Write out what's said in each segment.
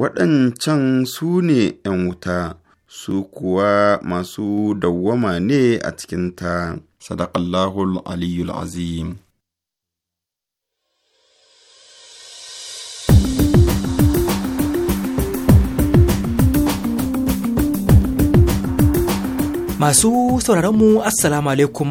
waɗancan su ne ‘yan wuta, su kuwa masu dawwama ne a cikinta, sadaƙallahul aliyul azim. Masu sauraronmu, Assalamu alaikum.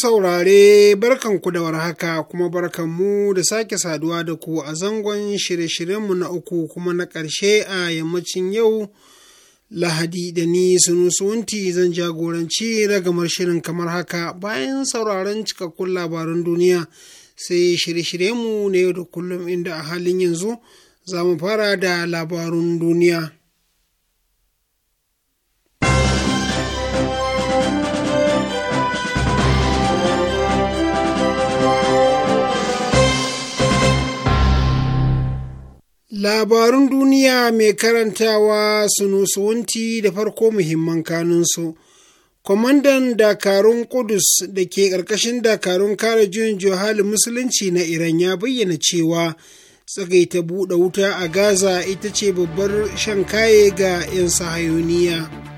saurare barkanku da warhaka kuma barkanmu da sake saduwa da ku a zangon shirye-shiryenmu na uku kuma na ƙarshe a yammacin yau lahadi da ni sunusunti zan jagoranci ragamar shirin kamar haka bayan sauraron cikakkun labaran duniya sai shirye-shiryenmu na yau da kullum inda a halin yanzu za mu fara da labarun duniya. Labarun duniya mai karantawa sunusuwunti da farko muhimman kanunsu. Kwamandan Dakarun Kudus da ke ƙarƙashin Dakarun kare juyin Johali Musulunci na Iran ya bayyana cewa tsagaita buɗe wuta a Gaza ita ce babbar shan kaye ga 'yan sahayoniya.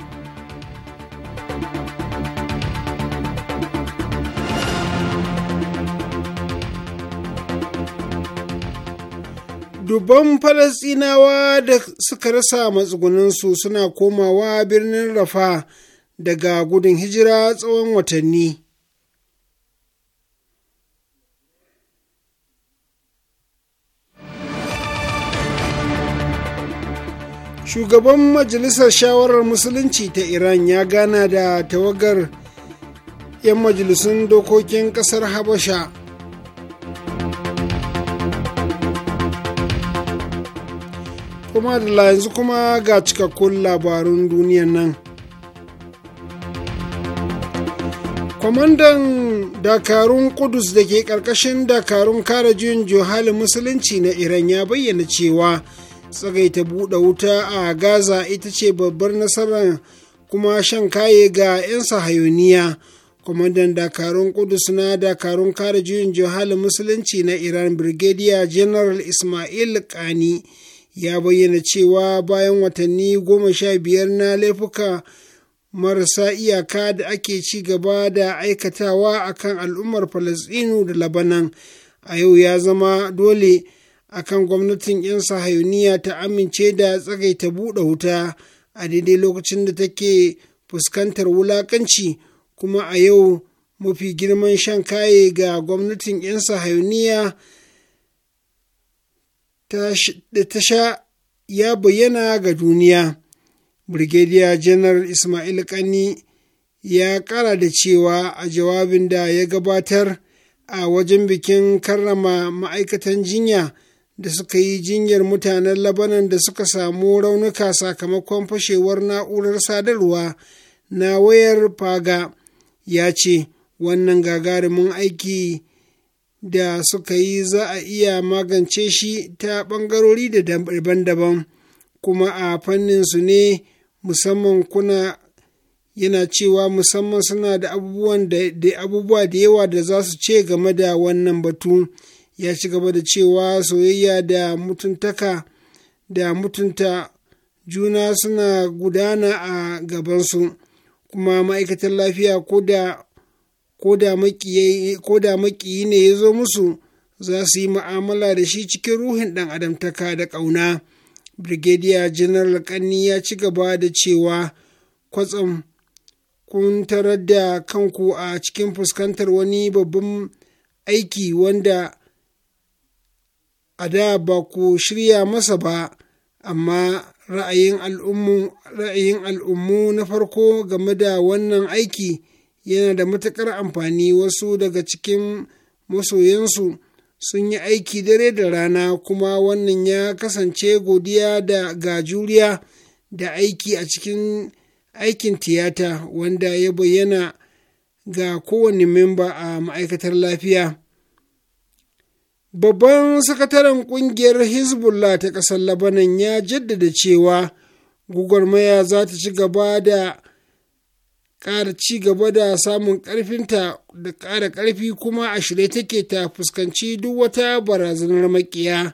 dubban falasinawa da suka rasa matsugunansu suna komawa birnin rafa daga gudun hijira tsawon watanni shugaban majalisar shawarar musulunci ta iran ya gana da tawagar 'yan majalisun dokokin ƙasar habasha kuma da yanzu kuma ga cikakkun labarun duniyan nan kwamandan dakarun kudus da ke karkashin dakarun kare juyin juhalin musulunci na iran ya bayyana cewa tsagaita buɗe wuta a gaza ita ce babbar nasarar kuma shan kaye ga 'yan sahayoniya kwamandan dakarun kudus na dakarun kare juyin juhalin musulunci na iran brigadier general ismail kani ya bayyana cewa bayan watanni goma sha biyar na laifuka marasa iyaka da ake ci gaba da aikatawa a kan al'ummar falasɗinu da labanan a yau ya zama dole a kan gwamnatin 'yan sahayuniya ta amince da tsagaita buɗe wuta a daidai lokacin da take fuskantar wulakanci kuma a yau mafi girman shan kaye ga gwamnatin 'yan sahayuniya da ta sha ya bayyana ga duniya. Brigadier General Ismail Kani ya ƙara da cewa a jawabin da ya gabatar a wajen bikin karrama ma'aikatan jinya da suka yi jinyar mutanen Labanan da suka samu raunuka sakamakon fashewar na'urar sadarwa na wayar faga ya ce wannan gagarumin aiki da suka yi za a iya magance shi ta ɓangarori da daban-daban kuma a fannin su ne musamman kuna yana cewa musamman suna da abubuwan da abubuwa da yawa da za su ce game da wannan batu ya ci gaba da cewa soyayya da mutuntaka da mutunta juna suna gudana a gabansu kuma ma'aikatan lafiya ko da ko da maƙiyi ne ya zo musu za su yi ma'amala da shi cikin ruhin ɗan adamtaka da ƙauna brigadier general kanni ya ci gaba da cewa kwatsam kun tarar da kanku a cikin fuskantar wani babban aiki wanda a da ba ku shirya masa ba amma ra'ayin al'ummu na farko game da wannan aiki yana da matuƙar amfani wasu daga cikin masoyansu sun yi aiki dare da rana kuma wannan ya kasance godiya da ga juriya da aiki a cikin aikin tiyata wanda ya bayyana ga kowane memba a ma'aikatar lafiya babban sakataren kungiyar hezbollah ta ƙasar labanan ya jaddada cewa gugwarmaya za ta ci gaba da ƙara ci gaba da samun ƙarfinta da ƙara ƙarfi kuma a shirye take ta fuskanci duk wata barazanar makiya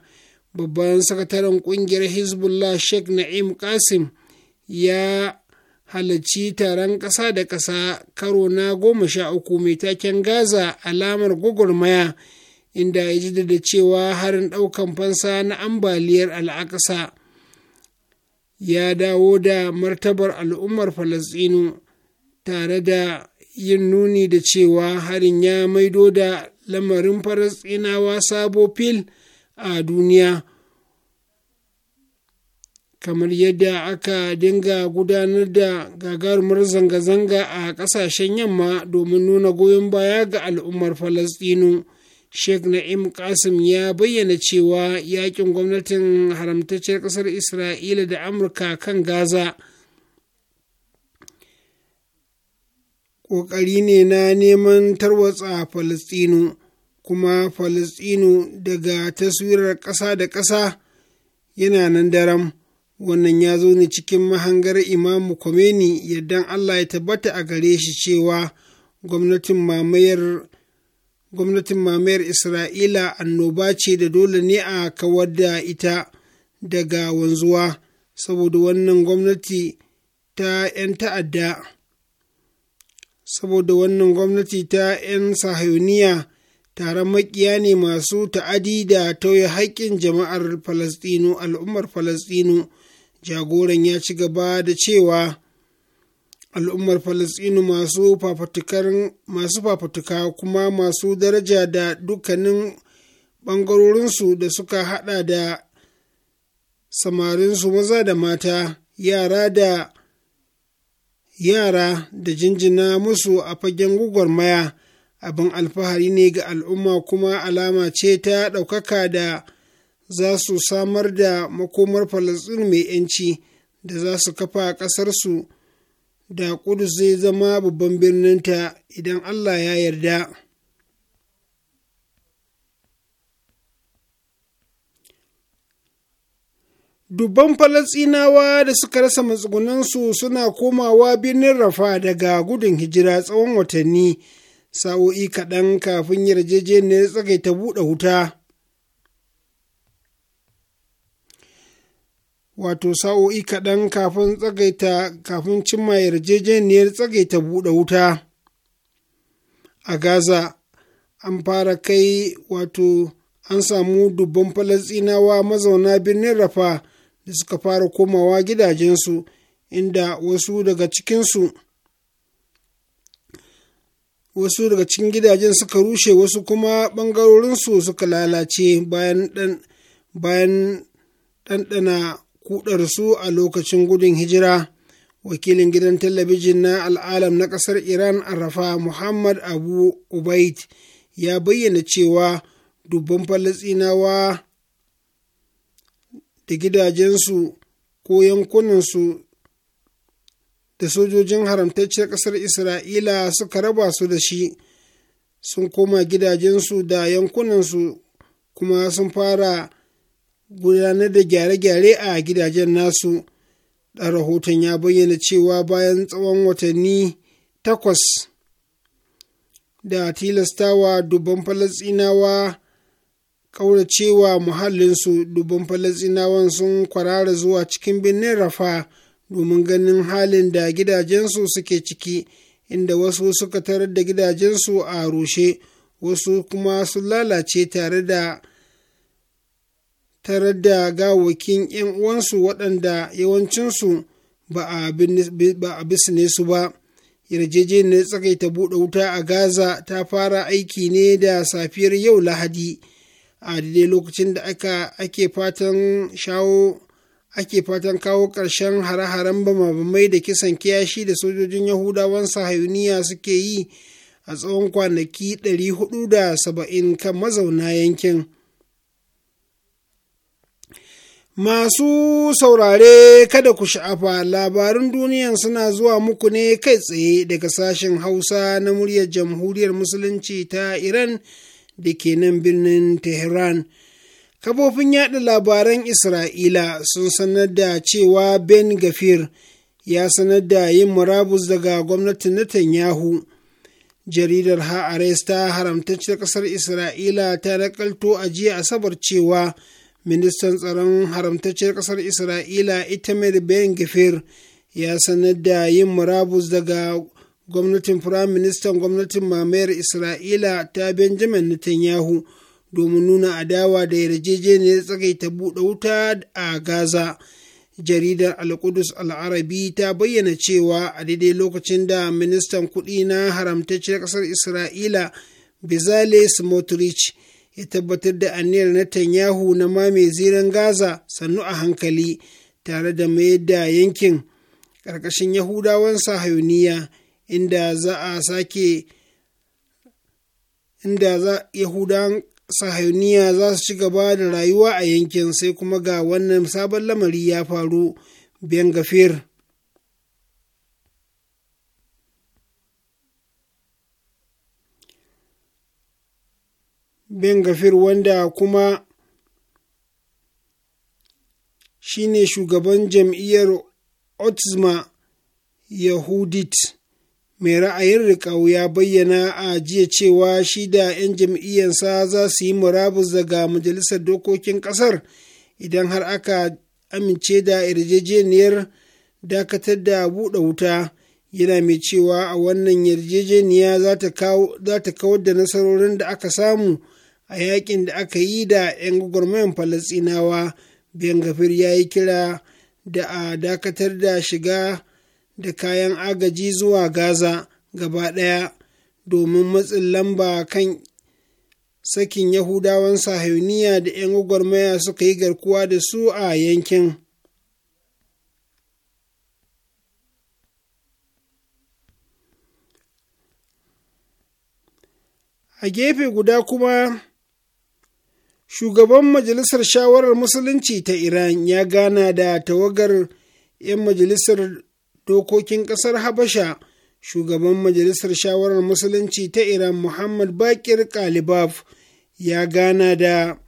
babban sakataren ƙungiyar hezbollah sheikh na'im qasim ya halarci taron ƙasa da ƙasa karo na goma sha uku mai taken gaza alamar gwagwarmaya inda ya da cewa harin ɗaukan fansa na ambaliyar al'aƙasa ya dawo da martabar al'ummar falasɗinu tare da yin nuni da cewa harin ya maido da lamarin falasɗinawa sabo fil a duniya kamar yadda aka dinga gudanar da gagarumar zanga-zanga a ƙasashen yamma domin nuna goyon baya ga al'ummar falasɗinu sheikh na'im kasim ya bayyana cewa yakin gwamnatin haramtacciyar ƙasar isra'ila da amurka kan gaza ƙoƙari ne na neman tarwatsa Falasɗinu, kuma Falasɗinu daga taswirar ƙasa da ƙasa yana nan daram. Wannan ya zo ne cikin mahangar Imamu Khomeini yadda Allah ya tabbata a gare shi cewa gwamnatin mamayar gwamnatin mamayar Isra'ila annoba ce da dole ne a kawar da ita daga wanzuwa, saboda wannan gwamnati ta ‘yan ta'adda. saboda wannan gwamnati ta 'yan sahayuniya tare makiya ne masu ta'adi da tauye haƙƙin jama'ar falasɗinu al'ummar falasɗinu jagoran ya ci gaba da cewa al'ummar falastinu masu fafatuka kuma masu daraja da dukkanin ɓangarorinsu da suka haɗa da samarinsu maza da mata yara da yara da jinjina musu a fagen maya abin alfahari ne ga al'umma kuma alama ce ta ɗaukaka da za su samar da makomar falastin mai 'yanci da za su kafa ƙasarsu da Kudu zai zama babban birninta idan allah ya yarda. dubban falasinawa da suka rasa matsugunansu suna komawa birnin rafa daga gudun hijira tsawon watanni sa'o'i kaɗan kafin yarjejeniyar tsagaita buɗe wuta wato sa'o'i kaɗan kafin tsagaita kafin cimma yarjejeniyar tsagaita buɗe wuta a gaza an fara kai wato an samu dubban falasinawa mazauna birnin rafa da suka fara komawa gidajensu inda wasu daga cikinsu wasu daga cikin gidajen suka rushe wasu kuma ɓangarorinsu suka lalace bayan ɗanɗana bayan ɗanɗana a lokacin gudun hijira wakilin gidan talabijin na al'alam na ƙasar iran rafa muhammad abu ubaid ya bayyana cewa dubban falasinawa da gidajensu ko yankunansu da sojojin haramtacciyar ƙasar Isra'ila suka raba su da shi sun koma gidajensu da yankunansu kuma sun fara gudanar da gyare-gyare a gidajen nasu. da rahoton ya bayyana cewa bayan tsawon watanni takwas da tilastawa dubban falasinawa ƙauracewa muhallinsu dubban falasinawan sun kwarara zuwa cikin birnin rafa domin ganin halin da gidajensu suke ciki inda wasu suka tarar da gidajensu a rushe wasu kuma su lalace tare da tarar da gawakin 'yan uwansu waɗanda yawancinsu ba a bisne su ba yarjejeniyar tsakaita buɗe wuta a gaza ta fara aiki ne da safiyar yau lahadi a daidai lokacin da aka ake fatan shawo ake fatan kawo ƙarshen hare-haren bamabamai da kisan kiyashi da sojojin yahudawan sahayuniya suke yi a tsawon kwanaki 470 kan mazauna yankin masu saurare kada ku sha'afa labarin duniyan suna zuwa muku ne kai tsaye daga sashen hausa na muryar jamhuriyar musulunci ta iran da ke nan birnin Tehran. Kafofin yada labaran Isra'ila sun sanar da cewa Ben Gafir ya sanar da yin murabus daga gwamnatin Netanyahu. Jaridar Ha'ares ta haramtace ƙasar Isra'ila ta nakalto a jiya Asabar cewa ministan tsaron haramtacciyar ƙasar Isra'ila Itamar Ben Gafir ya sanar da yin murabus daga gwamnatin Ministan gwamnatin mamayar isra'ila ta benjamin netanyahu domin nuna adawa da yarjejeniyar tsagaita buɗe wuta a gaza jaridar alkudus al'arabi ta bayyana cewa a daidai lokacin da ministan kuɗi na haramtacciyar ƙasar isra'ila bizale smotrich ya tabbatar da aniyar netanyahu na mame ziren gaza sannu a hankali tare da mayar da yankin ƙarƙashin yahudawan sahayuniya inda za a sake inda za yahudan sahayuniya za su ci gaba da rayuwa a yankin sai kuma ga wannan sabon lamari ya faru ben gafir ben gafir wanda kuma shine shugaban jam'iyyar otzma yahudit mai ra'ayin riƙau ya bayyana a jiya cewa shi da 'yan jam'iyyarsa za su yi murabus daga majalisar dokokin ƙasar idan har aka amince da yarjejeniyar dakatar da buɗe wuta yana mai cewa a wannan yarjejeniya za ta kawar da nasarorin da aka samu a yakin da aka yi da 'yan gwagwarmayan falasinawa biyan gafir ya yi kira da a dakatar da shiga da kayan agaji zuwa Gaza gaba ɗaya domin matsin lamba kan sakin Yahudawan sahauniya da ‘yan gwagwarmaya suka yi garkuwa da su a yankin. A gefe guda kuma, shugaban Majalisar Shawarar Musulunci ta Iran ya gana da tawagar ‘yan Majalisar dokokin ƙasar habasha shugaban majalisar shawarar musulunci ta iran muhammad bakir kalibaf ya gana da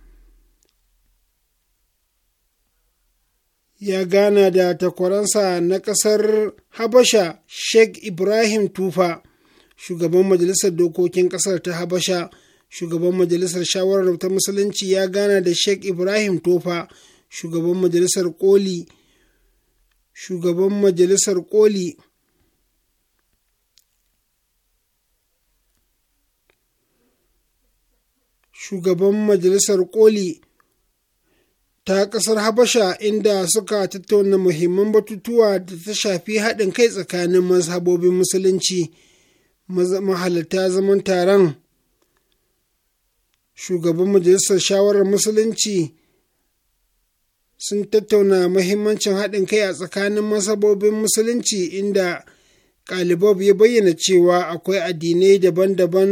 ya gana da takwaransa na ƙasar habasha sheikh ibrahim tufa shugaban majalisar dokokin ƙasar ta habasha shugaban majalisar shawarar ta musulunci ya gana da sheikh ibrahim tufa shugaban majalisar koli shugaban majalisar koli shugaban majalisar koli ta ƙasar habasha inda suka tattauna muhimman batutuwa da ta shafi haɗin kai tsakanin mazhabobin musulunci mahalarta zaman taron shugaban majalisar shawarar musulunci sun tattauna muhimmancin haɗin kai a tsakanin masabobin musulunci inda Kalibob ya bayyana cewa akwai addinai daban-daban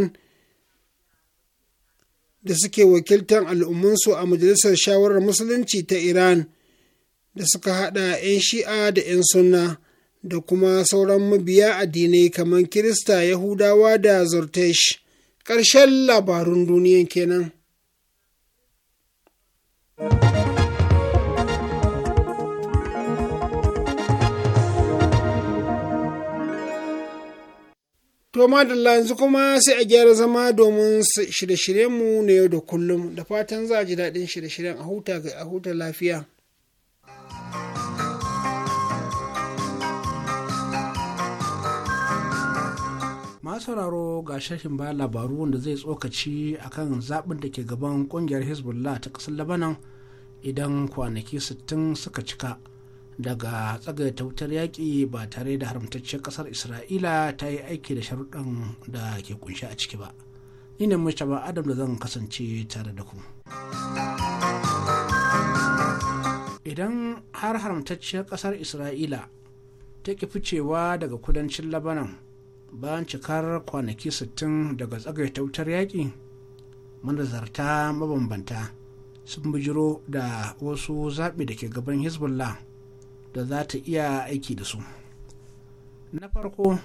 da suke wakiltar al'ummansu a Majalisar Shawarar Musulunci ta Iran da suka haɗa ‘yan shi'a da ‘yan sunna da kuma sauran mabiya addinai kamar Kirista, Yahudawa da Zortesh. karshen labarun duniya kenan. To madalla yanzu kuma sai a gyara zama domin shirye-shiryenmu na yau da kullum da fatan za a ji daɗin shirye-shiryen a huta ga lafiya. sauraro ga shashin ba labaru wanda zai tsokaci a kan zaɓin da ke gaban ƙungiyar hezbollah ta ƙasar labanan idan kwanaki 60 suka cika. daga tsagaita wutar yaƙi ba tare da haramtacciyar ƙasar isra'ila ta yi aiki da sharuɗan da ke kunshi a ciki ba ni ne mustapha adam da zan kasance tare da ku idan har haramtacciyar ƙasar isra'ila ta ƙi ficewa daga kudancin labanan bayan cikar kwanaki 60 daga tsagaita wutar yaƙi manazarta mabambanta sun bijiro da wasu zaɓi da ke gaban hezbollah da za ta iya aiki da su na farko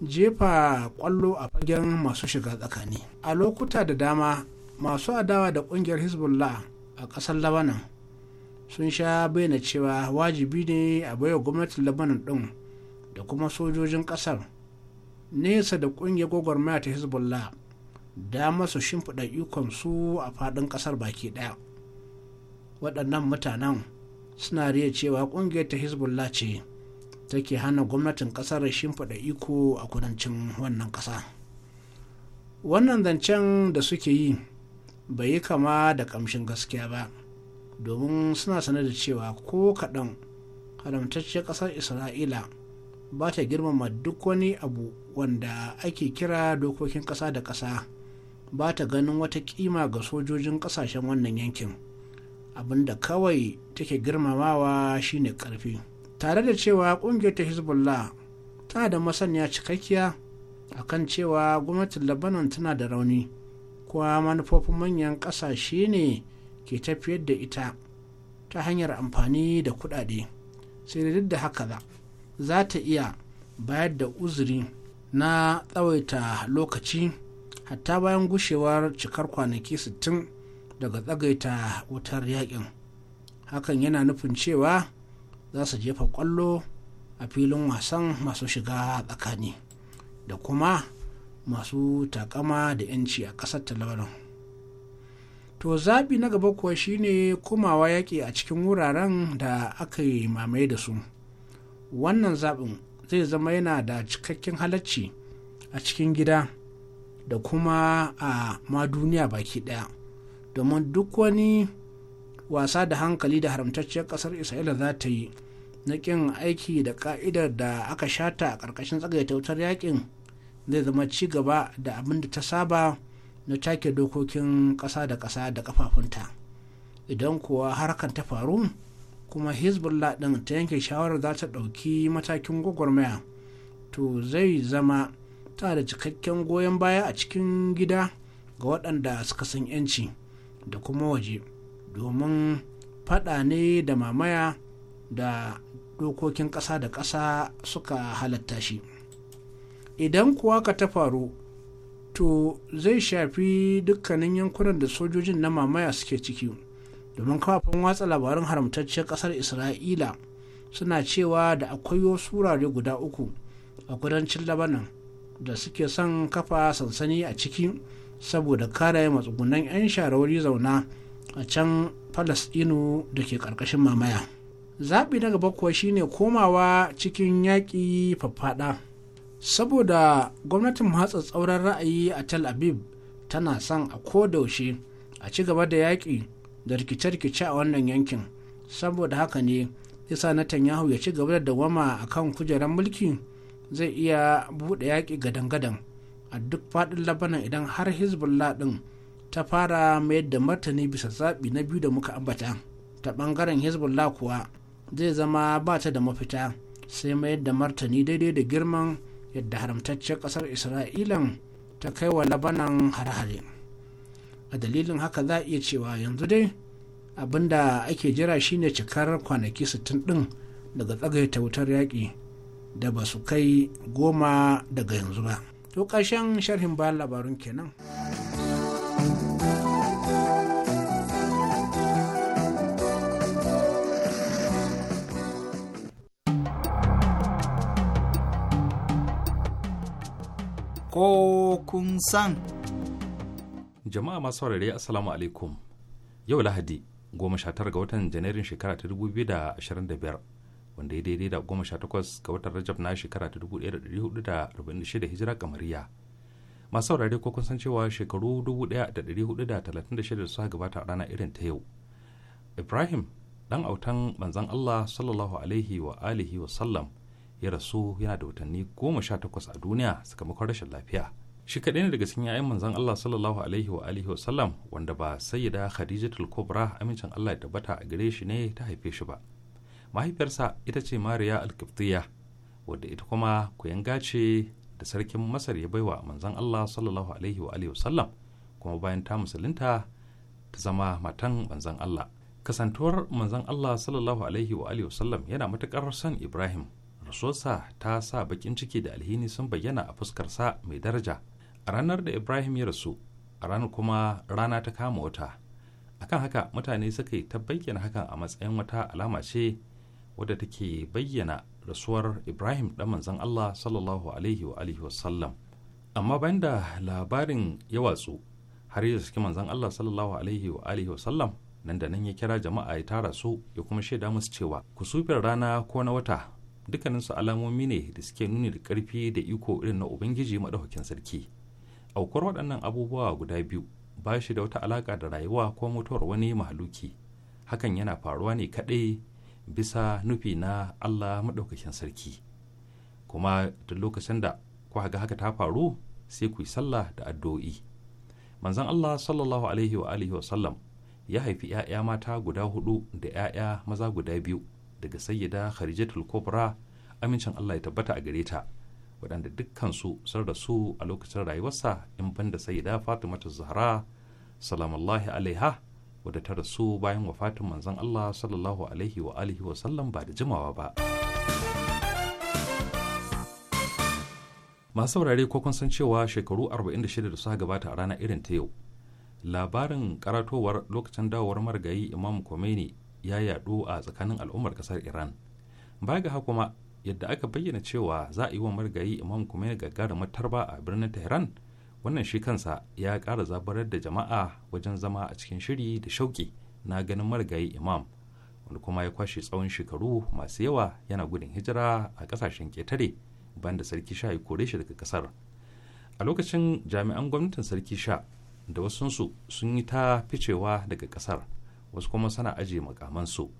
jefa kwallo a fagen masu shiga tsakani a lokuta da dama masu adawa da kungiyar hezbollah a kasar labanan sun sha bayyana cewa wajibi ne a baiwa gwamnatin labanan din da kuma sojojin kasar nesa da kungiyar gwagwarmaya ta hezbollah dama su shimfiɗa ikonsu a faɗin ƙasar baki ɗaya waɗannan mutanen suna riya cewa kungiyar ta hezbollah ce take hana gwamnatin kasar shimfiɗa iko a kudancin wannan ƙasa wannan zancen da suke yi bai yi kama da ƙamshin gaskiya ba domin suna sanar da cewa ko kaɗan haramtacciyar ƙasar isra'ila ba ta girmama duk wani abu wanda ake kira dokokin ƙasa da ƙasa ba ta ganin wata kima ga sojojin ƙasashen wannan yankin. da kawai take girmamawa shine karfi tare da cewa kungiyar ta hezbollah tana da masaniya cikakkiya a kan cewa gwamnatin labanon tana da rauni kuma manufofin manyan ƙasashe ne ke tafiyar da ita ta hanyar amfani da kuɗaɗe sai da duk da haka za ta iya bayar da uzuri na tsawaita lokaci hatta bayan gushewar cikar kwanaki 60 daga tsagaita wutar yakin hakan yana nufin cewa za su jefa kwallo a filin wasan masu shiga tsakani da kuma masu takama da 'yanci a ƙasar ta to zaɓi na gaba kuwa shine kumawa yaƙi a cikin wuraren da aka yi mamaye da su wannan zaɓin zai zama yana da cikakken halacci a cikin gida da kuma a ma duniya baki ɗaya domin duk wani wasa da hankali da haramtacciyar kasar isra'ila za ta yi na kin aiki da ka'idar da aka shata a ƙarƙashin tsagaita wutar yakin zai zama ci gaba da abin da ta saba na take dokokin ƙasa da ƙasa da ƙafafunta idan kuwa harkan ta faru kuma hezbollah ɗin ta yanke shawarar za ta ɗauki matakin gwagwarmaya to zai zama ta da cikakken goyon baya a cikin gida ga waɗanda suka san 'yanci. da kuma waje domin fada ne da mamaya da dokokin ƙasa da ƙasa suka halatta shi idan kuwa ka ta faru to zai shafi dukkanin yankunan da sojojin na mamaya suke ciki domin kafafen watsa labarin haramtacciyar ƙasar isra'ila suna cewa da akwai wasu wurare guda uku a kudancin labanan da suke son kafa sansani a ciki saboda kare matsugunan 'yan sharawari zauna a can falasɗinu da ke ƙarƙashin mamaya zaɓi na gaba kuwa shine komawa cikin yaƙi faffaɗa saboda gwamnatin matsa tsauran ra'ayi a tel aviv tana son a kodaushe a ci gaba da yaƙi da rikice-rikice a wannan yankin saboda haka ne isa tanyahu ya ci gaba da dawama a kan kujerar mulki zai iya buɗe yaƙi gadan-gadan a duk faɗin labanan idan har hezbollah ɗin ta fara mayar da martani bisa zaɓi na biyu da muka ambata ta ɓangaren hezbollah kuwa zai zama ba ta da mafita sai mayar da martani daidai da girman yadda haramtaccen ƙasar isra'ilan ta kai wa labanan hare-hare a dalilin haka za a iya cewa yanzu dai abin da ake jira shine cikar kwanaki 60 ɗin daga tsagaita wutar yaƙi da ba su kai goma daga yanzu ba. to ƙarshen sharhin bayan labarun kenan. Ko kun san. Jama'a masu saurare Assalamu alaikum. Yau Lahadi, goma sha ga watan Janairun shekara ta 2025 wanda ya daidai da goma sha takwas ga watan rajab na shekara ta dubu ɗaya da ɗari hudu da arba'in da shida hijira kamariya masu saurare ko kun san cewa shekaru dubu ɗaya da ɗari hudu da talatin da shida da suka gabata a rana irin ta yau ibrahim dan autan manzon allah sallallahu alaihi wa alihi wa sallam ya rasu yana da watanni goma sha takwas a duniya sakamakon rashin lafiya shi kaɗai ne daga cikin 'ya'yan manzon Allah sallallahu alaihi wa alihi sallam wanda ba sayyida Khadijatul Kubra amincin Allah ya tabbata a gare shi ne ta haife shi ba mahaifiyarsa ita ce mariya alkiftiya wadda ita kuma kuyanga ce da sarkin masar ya baiwa manzon allah sallallahu alaihi wa alihi wasallam kuma bayan ta musulunta ta zama matan manzon allah kasantuwar manzon allah sallallahu alaihi wa alihi wasallam yana matukar son ibrahim rasuwarsa ta sa bakin ciki da alhini sun bayyana a fuskarsa mai daraja a ranar da ibrahim ya rasu a ranar kuma rana ta kama wata akan haka mutane suka yi ta bayyana hakan a matsayin wata alama ce wadda take bayyana rasuwar ibrahim ɗan manzon allah sallallahu alaihi wa alihi wasallam amma bayan da labarin ya watsu har yi suke manzon allah sallallahu alaihi wa alihi wasallam nan da nan ya kira jama'a ya tara su ya kuma shaida musu cewa kusufin rana ko na wata dukkaninsu alamomi ne da suke nuni da ƙarfi da iko irin na ubangiji madaukakin sarki aukuwar waɗannan abubuwa guda biyu ba shi da wata alaƙa da rayuwa ko mutuwar wani mahaluki hakan yana faruwa ne kaɗai bisa nufi na Allah maɗaukakin sarki kuma da lokacin da kuka ga haka ta faru sai ku yi sallah da addu'o'i manzon Allah sallallahu alaihi wa alihi wa sallam ya haifi ‘ya'ya mata guda hudu da ‘ya'ya maza guda biyu daga sayyida khadijatul kubra amincin Allah ya tabbata a gare ta waɗanda dukkansu sun rasu a lokacin rayuwarsa in banda sayyida fatimatu zahra salamullahi alaiha wadda ta rasu bayan wafatin manzon Allah sallallahu alaihi wa alihi wa sallam ba da jimawa ba. Masu saurare ko kun san cewa shekaru 46 da suka gabata a rana irin ta yau. Labarin karatowar lokacin dawowar marigayi Imam Khomeini ya yaɗu a tsakanin al'ummar kasar Iran. Baya ga kuma yadda aka bayyana cewa za a yi wa marigayi Imam Khomeini gagarumar tarba a birnin Tehran wannan shi kansa ya ƙara zabarar da jama'a wajen zama a cikin shiri da shauƙi na ganin marigayi imam wanda kuma ya kwashe tsawon shekaru masu yawa yana gudun hijira a ƙasashen ƙetare banda sarki sha ya kore shi daga ƙasar a lokacin jami'an gwamnatin sarki sha da wasunsu sun yi ta ficewa daga ƙasar wasu kuma suna ajiye makamansu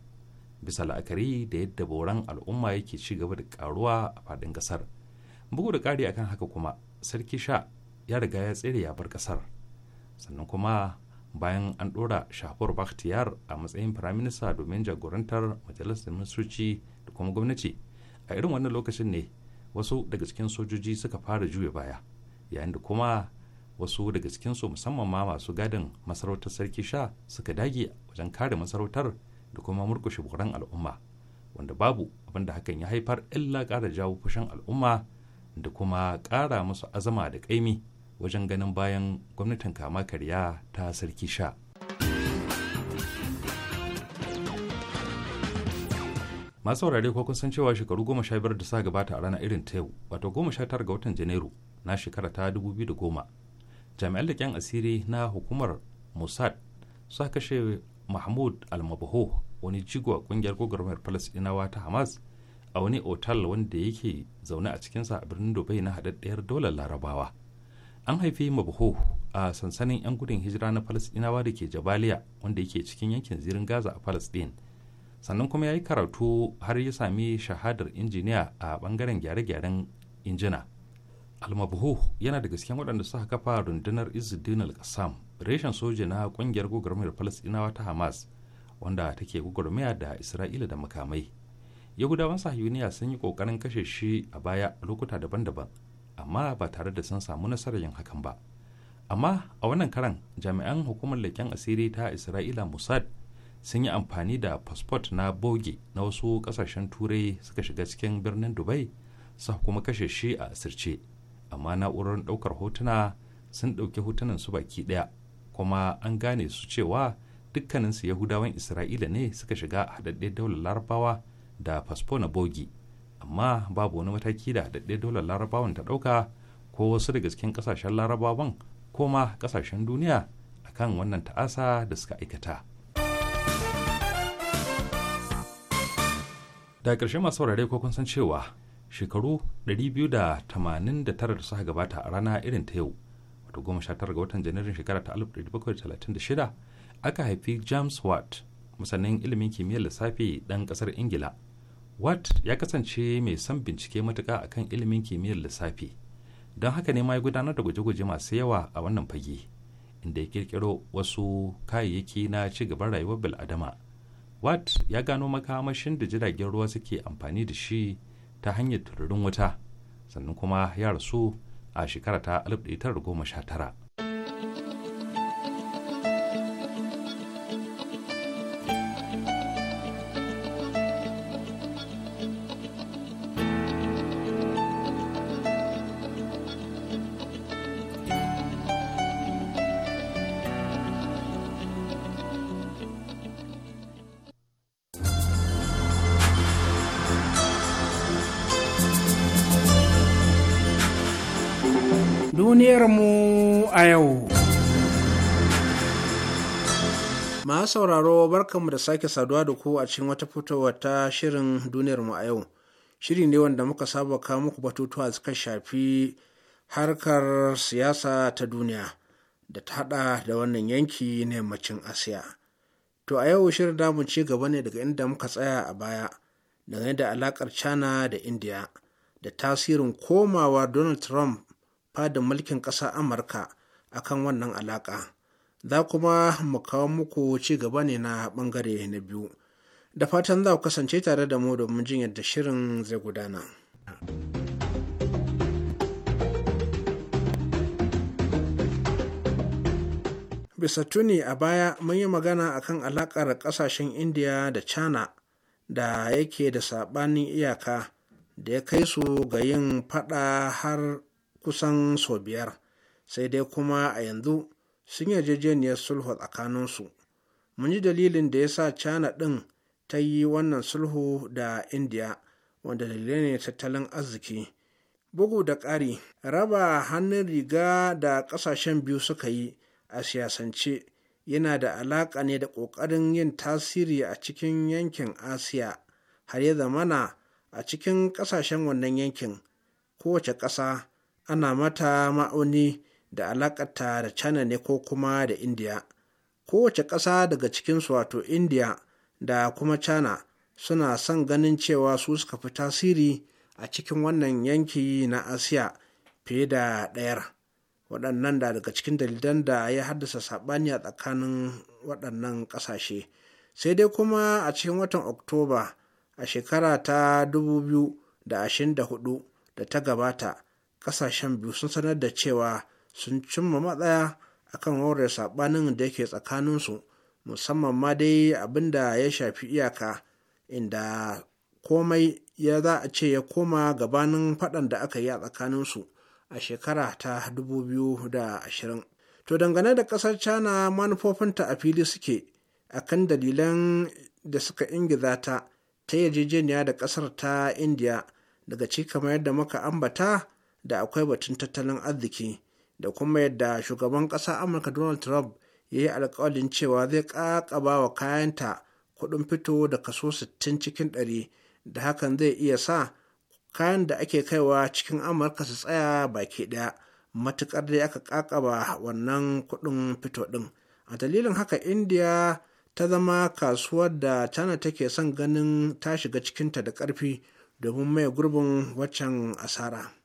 bisa la'akari da yadda boran al'umma yake ci gaba da karuwa a fadin ƙasar bugu da ƙari akan haka kuma sarki sha ya riga ya tsere ya bar kasar sannan kuma bayan an dora shafar bakhtiyar a matsayin firaminista domin jagorantar majalisar ministoci da kuma gwamnati a irin wannan lokacin ne wasu daga cikin sojoji suka fara juya baya yayin da kuma wasu daga cikinsu musamman ma masu gadin masarautar sarki sha suka dage wajen kare masarautar da kuma murkushe buran al'umma wanda babu abin da hakan ya haifar illa kara jawo fushin al'umma da kuma ƙara musu azama da ƙaimi wajen ganin bayan gwamnatin kama karya ta sarki sha masu saurare ko kun cewa shekaru goma sha biyar da sa gabata a ranar irin ta yau wato goma sha tara ga watan janairu na shekara ta dubu biyu da goma jami'an kyan asiri na hukumar mossad suka kashe mahmud almabaho wani jigo a ƙungiyar gwagwarmayar palestinawa ta hamas a wani otal wanda yake zaune a cikinsa a birnin dubai na haɗaɗɗiyar dolar larabawa an haifi mabuhu a sansanin 'yan gudun hijira na falasɗinawa da ke jabaliya wanda yake cikin yankin zirin gaza a falasɗin sannan kuma ya yi karatu har ya sami shahadar injiniya a bangaren gyare-gyaren injina almabuhu yana da gasken waɗanda suka kafa rundunar izuddin al-qassam reshen soja na ƙungiyar gwagwarmayar falasdinawa ta hamas wanda take gwagwarmaya da isra'ila da makamai yahudawan sahiyuniya sun yi ƙoƙarin kashe shi a baya lokuta daban-daban amma ba tare da sun samu nasarar yin hakan ba amma a wannan karan jami'an hukumar leƙen asiri ta isra'ila mossad sun yi amfani da fasfot na boge na wasu ƙasashen turai suka shiga cikin birnin dubai sa kuma kashe shi a asirce amma na'urar ɗaukar hotuna sun ɗauki hotunan su baki ɗaya kuma an gane su cewa dukkaninsu yahudawan isra'ila ne suka shiga haɗaɗɗen daular larabawa da fasfo na bogi amma babu wani mataki da daɗe dole larabawan ta ɗauka ko wasu daga cikin kasashen larabawan ko ma ƙasashen duniya a kan wannan ta'asa da suka aikata da ƙarshe masu saurare ko kun san cewa shekaru 289 da suka gabata a rana irin ta yau wato 19 ga watan janairun shekara ta 1736 aka haifi james watt masanin ilimin kimiyyar lissafi ɗan ƙasar ingila Watt ya kasance mai son bincike matuƙa akan ilimin kimiyyar lissafi, don haka ne ma ya gudanar da gwaje-gwaje masu yawa a wannan fage, inda ya kirkiro wasu kayayyaki na ci gaban rayuwar bil'adama. Watt ya gano makamashin da jiragen ruwa suke amfani da shi ta hanyar tururin wuta, sannan kuma ya rasu a shekara ta 1919. duniyarmu a yau. Ma sauraro barkanmu da sake saduwa da ku a cikin wata fitowa ta shirin duniyarmu a yau. Shiri ne wanda muka saba ka muku batutuwa suka shafi harkar siyasa ta duniya da ta hada da wannan yanki na yammacin Asiya. To a yau shirin damu ci gaba ne daga inda muka tsaya a baya, dangane da alakar China da India, da tasirin komawa Donald Trump fadin mulkin ƙasa amurka akan wannan alaƙa za kuma mu kawo muku ci gaba ne na ɓangare na biyu da fatan za ku kasance tare da mu domin jin yadda shirin zai gudana. bisa tuni a baya mun yi magana akan alaƙar ƙasashen indiya da china da yake da saɓanin iyaka da ya kai su ga yin fada har kusan sau biyar sai dai kuma a yanzu sun yarjejeniyar sulhu tsakaninsu mun ji dalilin da ya sa china ɗin ta yi wannan sulhu da india wanda dalilai ne tattalin arziki bugu da ƙari raba hannun riga da ƙasashen biyu suka yi a siyasance yana da alaƙa ne da ƙoƙarin yin tasiri a cikin yankin asiya har ya zamana a cikin ƙasashen wannan yankin kowace ƙasa ana mata ma'auni da alakata da china ne ko kuma da india kowace ƙasa daga cikinsu wato india da kuma china suna son ganin cewa su suka fi tasiri a cikin wannan yanki na asiya fiye da ɗayar waɗannan da daga cikin dalilan da ya haddasa saɓani a tsakanin waɗannan ƙasashe sai dai kuma a cikin watan oktoba a shekara ta 2024 da ta gabata kasashen biyu sun sanar da cewa sun cimma matsaya a kan wawar sabanin da yake tsakaninsu musamman ma dai abin da ya shafi iyaka inda komai ya za a ce ya koma gabanin faɗan da aka yi a tsakaninsu a shekara ta 2020. To dangane da ƙasar China manufofinta a fili suke akan dalilan da suka ingiza ta ta yarjejeniya da ƙasar ta India daga ci kamar yadda muka ambata da akwai batun tattalin arziki da kuma yadda shugaban ƙasa amurka donald trump ya yi alkawalin cewa zai ƙaƙaba wa kayanta kuɗin fito da kaso 60 cikin 100 da hakan zai iya sa kayan da ake kaiwa cikin amurka su tsaya baki ɗaya matuƙar dai aka ƙaƙaba wannan kuɗin fito ɗin a dalilin haka india ta zama kasuwar da china take son ganin ta shiga cikinta da ƙarfi domin mai gurbin waccan asara.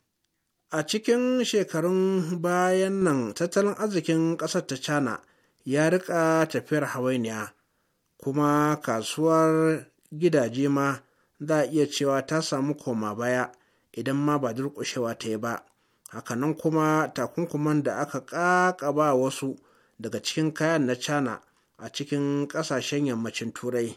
a cikin shekarun bayan nan tattalin arzikin ƙasar ta china ya rika tafiyar hawainiya kuma kasuwar gidaje ma za a iya cewa ta samu koma baya idan ma ba durƙushewa ta yi ba hakanan kuma takunkuman da aka ƙaƙaba wasu daga cikin kayan na china a cikin ƙasashen yammacin turai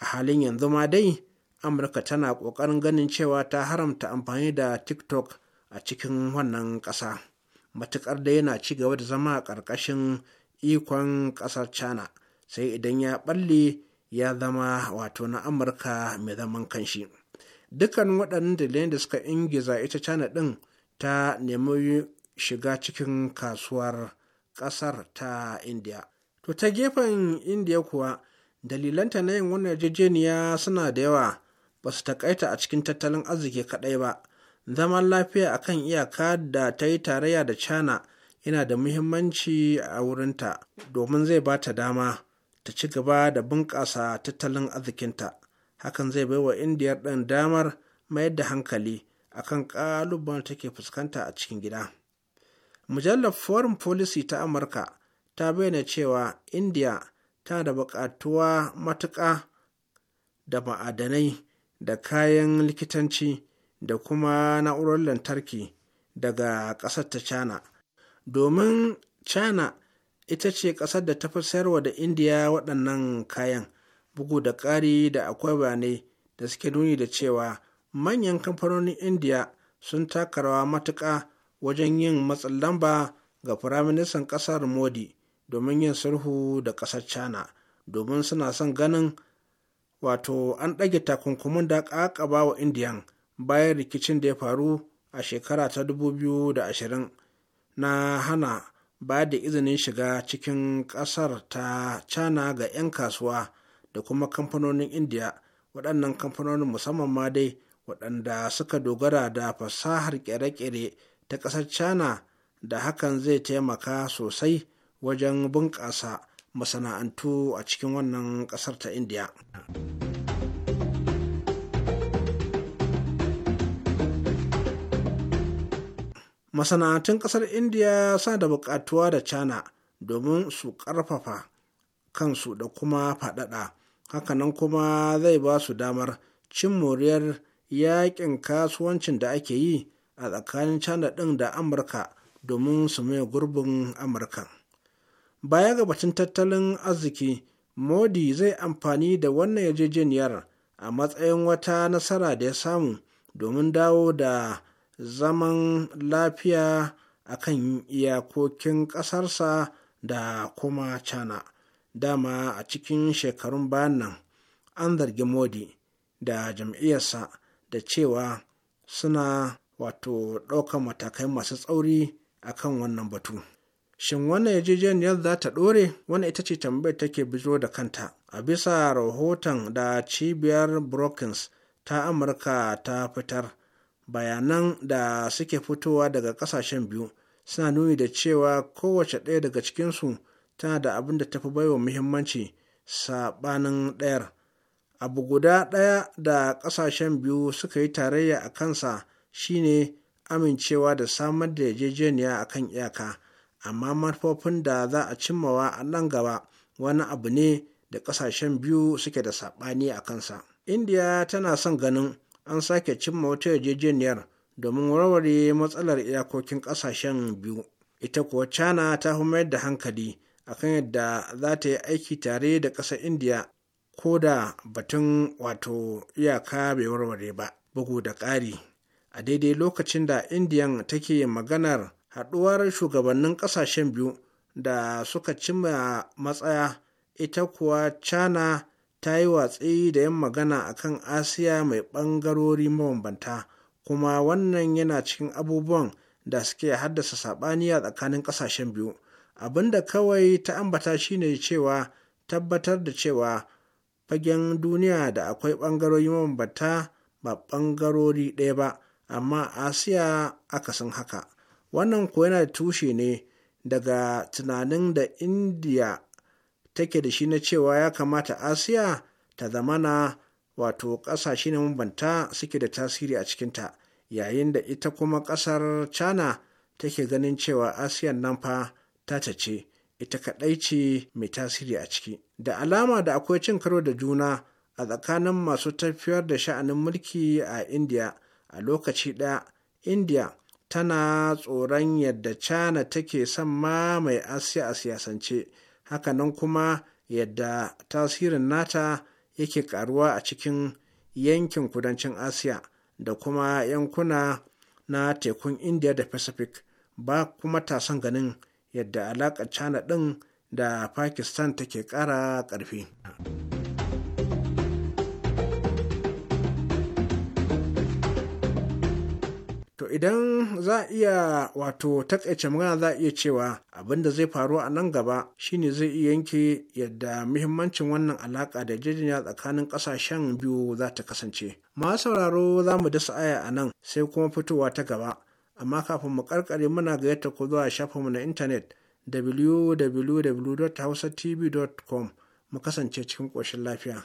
a halin yanzu ma dai amurka tana ƙoƙarin ganin cewa ta haramta amfani da tiktok a cikin wannan ƙasa matuƙar da yana ci gaba da zama a ƙarƙashin ikon ƙasar china sai idan ya ɓalle ya zama wato na amurka mai zaman kanshi dukkan waɗannan dalilan da suka ingiza ita china ɗin ta nemi shiga cikin kasuwar ƙasar ta india to ta gefen india kuwa dalilanta na yin wannan yarjejeniya suna da yawa ba su takaita a cikin tattalin arziki kaɗai ba zaman lafiya a kan iyaka da ta yi tarayya da china yana da muhimmanci a wurinta domin zai ba ta dama ta ci gaba da bunƙasa tattalin arzikinta hakan zai baiwa indiyar ɗin damar mayar da hankali a kan ƙalubalen take fuskanta a cikin gida mujallar foreign policy ta amurka ta bayyana cewa indiya tana da buƙatuwa matuƙa da ma'adanai da kayan likitanci da kuma na'urar lantarki daga ƙasar ta china domin china ita ce ƙasar da ta fi sayarwa da indiya waɗannan kayan bugu da ƙari da akwai bayanai da suke nuni da cewa manyan kamfanonin indiya sun taka rawa matuƙa wajen yin matsin lamba ga firaministan ƙasar modi domin yin sulhu da ƙasar china domin suna son ganin wato an ɗage takunkumin da aka wa indiyan bayan rikicin da ya faru a shekara ta 2020 na hana ba da izinin shiga cikin ƙasar ta cana ga 'yan kasuwa da kuma kamfanonin india waɗannan kamfanonin musamman ma dai waɗanda suka dogara da fasahar ƙere-ƙere ta ƙasar china da hakan zai taimaka sosai wajen bunƙasa masana'antu a cikin wannan ƙasar ta indiya. masana'antun kasar indiya suna da bukatuwa da china domin su karfafa kansu da kuma faɗaɗa hakanan kuma zai ba su damar cin moriyar yakin kasuwancin da ake yi a tsakanin china ɗin da amurka domin su maye gurbin amurka baya ga batun tattalin arziki modi zai amfani da wannan yarjejeniyar a matsayin wata nasara da ya samu domin dawo da zaman lafiya a kan iyakokin ƙasarsa da kuma cana dama a cikin shekarun bayan nan an zargi modi da jam'iyyarsa da cewa suna wato ɗaukar matakai masu tsauri a kan wannan batu shin wannan yarjejeniyar za ta ɗore wannan ita ce tambayar take bijo da kanta a bisa rahoton da cibiyar brookings ta amurka ta fitar bayanan da suke fitowa daga ƙasashen biyu suna nuni da cewa kowace ɗaya daga cikinsu tana da abin da tafi baiwa muhimmanci saɓanin ɗayar abu guda ɗaya da ƙasashen biyu suka yi tarayya a kansa shine amincewa da samar da yarjejeniya a kan iyaka amma manufofin da za a cimmawa a nan gaba wani abu ne da ƙasashen biyu suke da saɓani a kansa indiya tana son ganin an sake cimma wata yarjejeniyar domin warware matsalar iyakokin ƙasashen biyu ita kuwa china ta fi mayar da hankali akan yadda za ta yi aiki tare da ƙasar india ko da batun wato iyaka bai warware ba bugu da ƙari a daidai lokacin da indiyan take maganar haɗuwar shugabannin ƙasashen biyu da suka cimma matsaya ita kuwa china ta yi watsi da yin magana a kan asiya mai ɓangarori mabambanta kuma wannan yana cikin abubuwan da suke haddasa saɓani tsakanin ƙasashen biyu abin da kawai ta ambata shine cewa tabbatar da cewa fagen duniya da akwai ɓangarori mabambanta ba ɓangarori ɗaya ba amma asiya akasin haka wannan ko yana tushe ne daga tunanin da indiya take da shi na cewa ya kamata asiya ta zamana wato ƙasashe na mabanta suke da tasiri a cikinta yayin da ita kuma ƙasar china take ganin cewa asiyan nan fa ta ce ita kaɗai ce mai tasiri a ciki da alama da akwai cin karo da juna a tsakanin masu tafiyar da sha'anin mulki a india a lokaci ɗaya india tana tsoron yadda china take son mamaye asiya a siyasance hakanan kuma yadda tasirin nata yake karuwa a cikin yankin kudancin asiya da kuma yankuna na tekun india da pacific ba kuma ta ganin yadda alaƙar china ɗin da pakistan take ƙara ƙarfi. idan za a iya wato takaice magana za a iya cewa abin da zai faru a nan gaba shine zai iya yanke yadda muhimmancin wannan alaka da ya tsakanin kasashen biyu za ta kasance ma sauraro za mu dasa aya a nan sai kuma fitowa ta gaba amma kafin mu karkare muna gayyata ku zuwa shafin mu na intanet www.hausatv.com mu kasance cikin ƙoshin lafiya.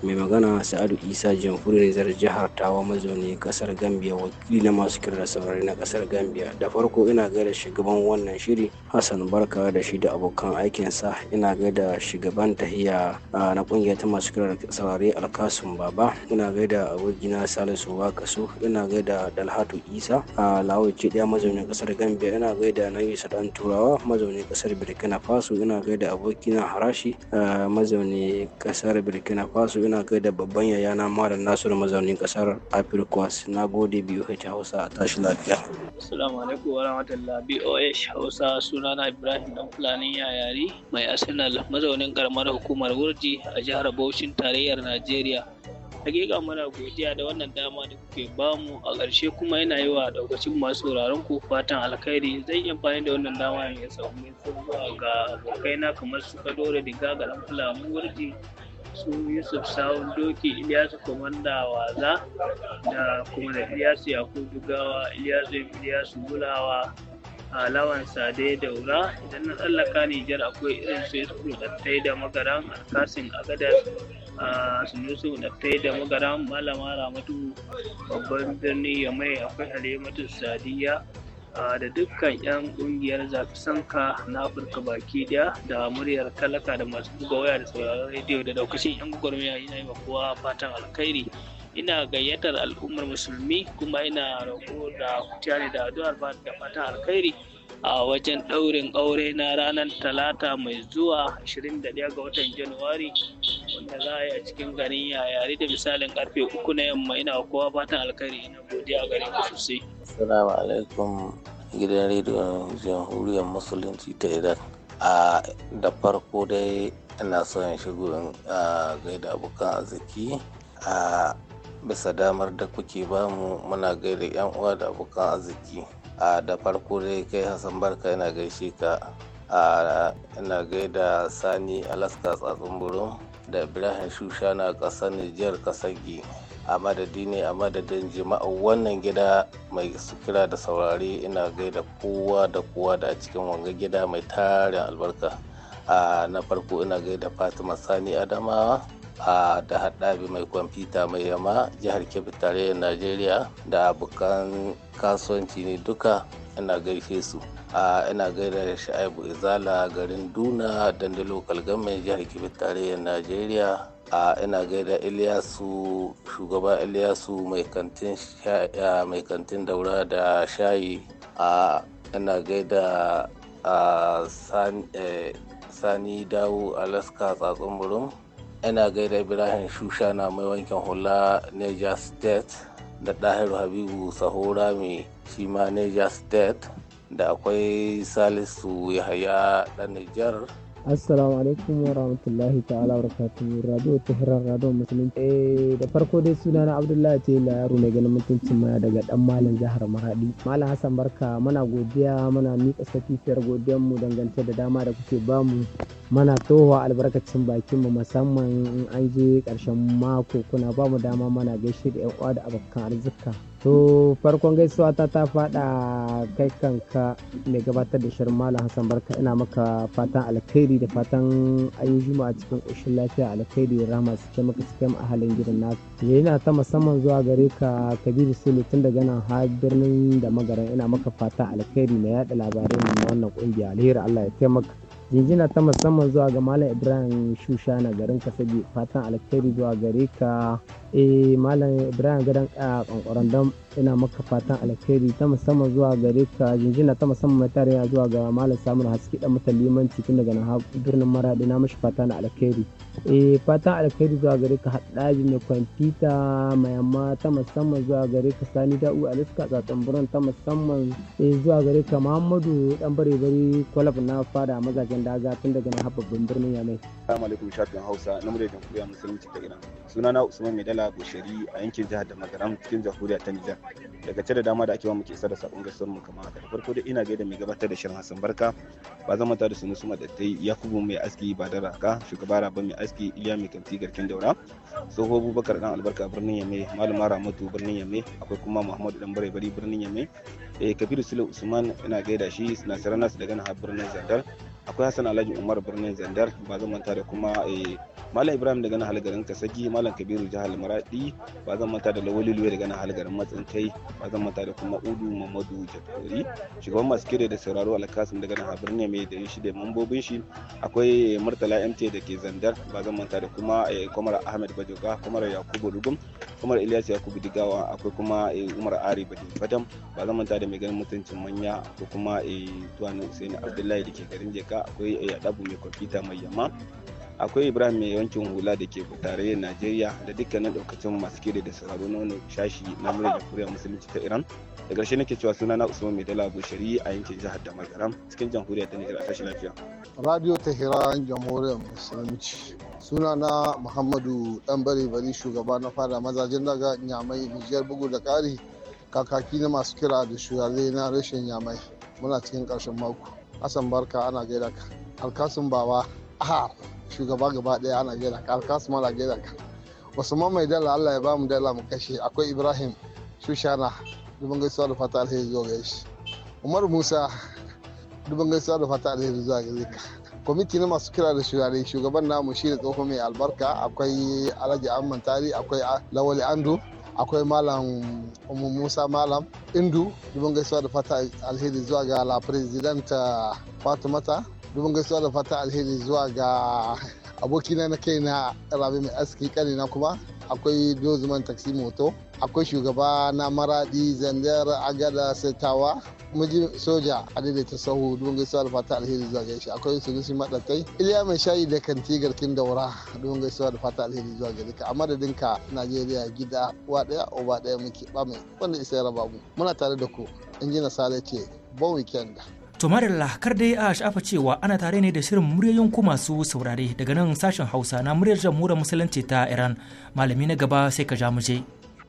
mai magana sa'adu isa zar jihar tawa mazauni kasar gambia wakili na masu kirar saurari na kasar gambia da farko ina gaida shugaban wannan shiri hassan barka da shi da abokan aikinsa ina gaida shugaban tahiya na kungiyar ta masu kirar saurari alkasun baba ina gaida abokina salisu wakasu ina gaida dalhatu isa a lawace daya mazaunin kasar gambia ina gaida na yi dan turawa mazaunin kasar burkina faso ina gaida abokina harashi mazaunin kasar burkina faso ina kai da babban yayana mara Nasiru mazaunin kasar Afirkwas. Na gode biyu hajji Hausa a tashi lafiya. Assalamu alaikum wa rahmatullah BOH Hausa sunana Ibrahim dan Fulani Yayari mai Arsenal mazaunin karamar hukumar Wurji a jihar Bauchin tarayyar Najeriya. hakika muna godiya da wannan dama da kuke bamu a ƙarshe kuma yana yi wa daukacin masu sauraron ku fatan alkhairi zan yi amfani da wannan dama ya samu zuwa ga abokaina kamar su kadore diga ga fulamu wurji su yusuf sawun doki iliyasu komanda waza da kuma da iliyasu yakubu gawa iliyasu iliyasu Gulawa, a lawan sade daura idan na tsallaka nijar akwai irin su yusuf dattai da magaran alkasin agadar a sunusu dattai da magaran malama ramatu babban birni ya mai akwai halimatu sadiya da dukkan 'yan ƙungiyar zaɓi sanka na afirka baki daya da muryar talaka da masu buga waya da sauraron rediyo da daukacin 'yan gwagwarmaya yana yi kowa fatan alkhairi ina gayyatar al'ummar musulmi kuma ina roƙo da kutiyani da addu'ar da fatan alkhairi a wajen ɗaurin aure na ranar talata mai zuwa 21 ga watan januwari wanda za a yi a cikin garin yayari da misalin karfe uku na yamma ina kowa fatan alkhairi ina godiya gare ku sosai Assalamu alaikum gidan rediyon jamhuriyar musulunci ta Iran. A da farko dai ina son shigo in gaida abokan arziki a bisa damar da kuke bamu muna gaida yan uwa da abokan arziki. A da farko dai kai Hassan Barka ina gaishe ka a ina gaida Sani Alaska Tsatsun Burin da Ibrahim Shushana ƙasar Nijar ƙasar Gi. a madadi ne a madadin jima'a wannan gida mai sukira da saurari ina gaida kowa da kowa da a cikin wanga gida mai tarin albarka a na farko ina gaida fatima sani adamawa a da haɗabi mai kwamfuta mai yama jihar kebbi da najeriya da abokan kasuwanci ne duka ina gaishe su a ina gaida sha'ibu izala garin duna dandalo kalgan mai jihar kebbi da najeriya a ina gaida iliyasu shugaba iliyasu mai kantin daura da shayi a ina gaida a e, sani dawo alaska tsatsun burin ina gaida ibrahim shushana mai wankin hula niger state da ɗahiru habibu sahora mai shi ma niger state da akwai salisu yahaya ɗan niger assalamu alaikum wa rahmatullahi ta'ala wa barakatuhu radio tehran radio musulunci eh, da farko dai suna na abdullahi tela yaro mai ganin mutuncin maya daga dan malam jihar maradi malam hassan barka muna godiya muna miƙa safifiyar godiyar mu dangance da dama da kuke bamu mana tohuwa albarkacin mu musamman in an je karshen mako kuna ba mu dama mana gaishe da 'yan uwa da abokan arzika to farkon gaisuwa ta ta fada kai kanka mai gabatar da shirin malam hassan barka ina maka fatan alkhairi da fatan an juma a cikin ƙoshin lafiya alkhairi da rahama su ce maka cikin a halin gidan na yana ta musamman zuwa gare ka kabiru sulu tun daga nan har birnin da magaran ina maka fatan alkhairi na yada labarai na wannan kungiya alheri allah ya taimaka jinjina ta musamman zuwa ga malam ibrahim shusha na garin kasabi fatan alkhairi zuwa gare ka eh malam ibrahim gadan eh, kankoron dan ina maka fatan alkhairi ta musamman zuwa gare ka jinjina ta musamman mai rayuwa zuwa ga malam samun haske dan mutan limanci tun daga na birnin maradi na mashi fata na alkhairi eh fatan alkhairi zuwa gare ka hadaji mai kwamfuta mai amma ta musamman zuwa gare ka sani da'u a liska buran ta musamman eh, zuwa gare ka muhammadu dan bare bare kwalaf na fada mazajen daga tun daga na babban birnin yamai assalamu alaikum shafin hausa na muryar jamhuriyar musulunci ta iran sunana usman maidala bushari a yankin jihar da magaram cikin jahuriya ta nijar daga da dama da ake ba mu ke isar da sakon mu kamar haka da farko dai ina gaida mai gabatar da shirin Hassan Barka ba zama ta da sunu suma da ta yi ya Yakubu mai aski ba da raka shugaba raba mai aski iya mai kanti garkin daura tsoho Abubakar dan albarka birnin Yame malama Ramatu birnin Yame akwai kuma Muhammadu dan bari birnin Yame eh Kabiru Sule Usman ina gaida shi suna sarana su daga nan birnin Zandar akwai hassan alhaji umar birnin zandar ba zan manta da kuma eh, malam ibrahim daga nan halgarin kasagi malam kabiru jihar maradi ba zan manta da lawali luwe daga nan halgarin matsinkai ba zan manta da kuma udu mamadu jakori shugaban masu kire da sauraro alkasim daga nan birnin mai da shi da mambobin shi akwai murtala mt da ke zandar ba zan manta da kuma eh, kwamar ahmed bajoga kwamar yakubu rugum kwamar ilyas yakubu digawa akwai kuma eh, umar ari badam ba zan manta da mai ganin mutuncin manya akwai kuma tuwani usaini abdullahi da ke garin jeka Yola akwai Yadabu mai kwamfuta mai yamma akwai Ibrahim mai yankin hula da ke tarayyar Najeriya da dukkanin daukacin masu kere da sauraro na wani shashi na da kuriya musulunci ta Iran da ƙarshe nake cewa suna na Usman Mai Dala Bushari a yankin jihar Damagaram cikin jamhuriyar ta Nijar a tashi lafiya. Radio hiran jamhuriyar musulunci suna na Muhammadu Dan Bari Bari shugaba na fara mazajen daga Nyamai Nijiyar bugu da ƙari kakaki na masu kira da shugabai na rashin Nyamai muna cikin ƙarshen mako. Hassan Barka ana gaida ka. Alkasun bawa a shugaba gaba daya ana gaida ka. Alkasun ana gaida ka. wasu Mai dala Allah ya bamu dala mu kashe akwai Ibrahim Shushana dubin gaisuwa da fata alheri zuwa gare shi. Umar Musa dubin gaisuwa da fata alheri zuwa gare ka. kwamiti na masu kira da shirare shugaban namu shi da tsohon mai albarka akwai alhaji amman tari akwai lawali andu akwai malam musa malam indu dubin gaisuwa da fata alheri zuwa ga la presidenta fatimata dubin gaisuwa da fata alheri zuwa ga abokina na kai na rabi mai aski kanina kuma akwai dozman taxi moto akwai shugaba na maradi zandar agada setawa muji soja a ta sahu don gaisuwa da fata alheri zuwa gaishe akwai sunusi madatai iliya mai shayi da kanti garkin daura don gaisuwa da fata alheri zuwa gare ka a madadinka najeriya gida uwa daya uba daya muke ba mai wanda isa ya raba mu muna tare da ku injina sale ce bon weekend To madalla lahkar dai a shafa cewa ana tare ne da shirin muryoyin ku masu saurare daga nan sashen Hausa na muryar jamhuriyar musulunci ta Iran malami na gaba sai ka ja mu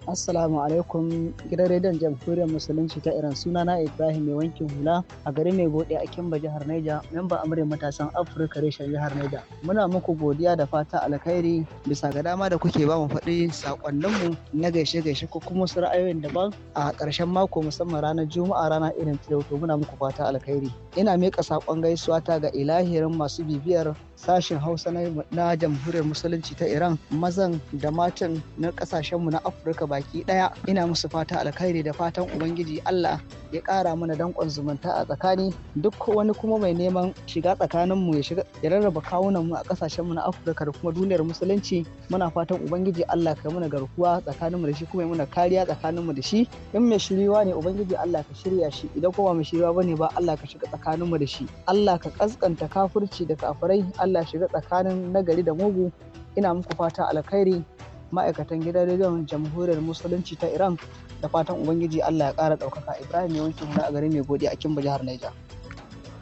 Assalamu alaikum gidan rediyon jamhuriyar musulunci ta Iran na Ibrahim mai wankin hula a gari mai gode a Kimba jihar Neja memba amurin matasan Afirka reshen jihar Neja. Muna muku godiya da fata alkhairi bisa ga dama da kuke ba mu faɗi sakonninmu na gaishe gaishe ko kuma wasu ra'ayoyin daban a ƙarshen mako musamman ranar Juma'a rana irin to muna muku fata alkhairi. Ina miƙa saƙon gaisuwa ta ga ilahirin masu bibiyar sashen hausa na jamhuriyar musulunci ta iran mazan da matan na kasashenmu na afirka baki daya ina musu fata alkhairi da fatan ubangiji allah ya kara mana dankon zumunta a tsakani duk wani kuma mai neman shiga tsakaninmu ya shiga ya rarraba kawunanmu a kasashenmu na afirka da kuma duniyar musulunci muna fatan ubangiji allah ka mana garkuwa tsakaninmu da shi kuma muna kariya tsakaninmu da shi in mai shiriwa ne ubangiji allah ka shirya shi idan kuma mai shiriwa bane ba allah ka shiga tsakaninmu da shi allah ka kaskanta kafurci da kafirai Allah shiga tsakanin nagari da mugu ina muku fata alkhairi ma'aikatan gidan rediyon jamhuriyar musulunci ta Iran da fatan ubangiji Allah ya kara ɗaukaka Ibrahim ya wanke a garin mai godiya a Kimba jihar Niger.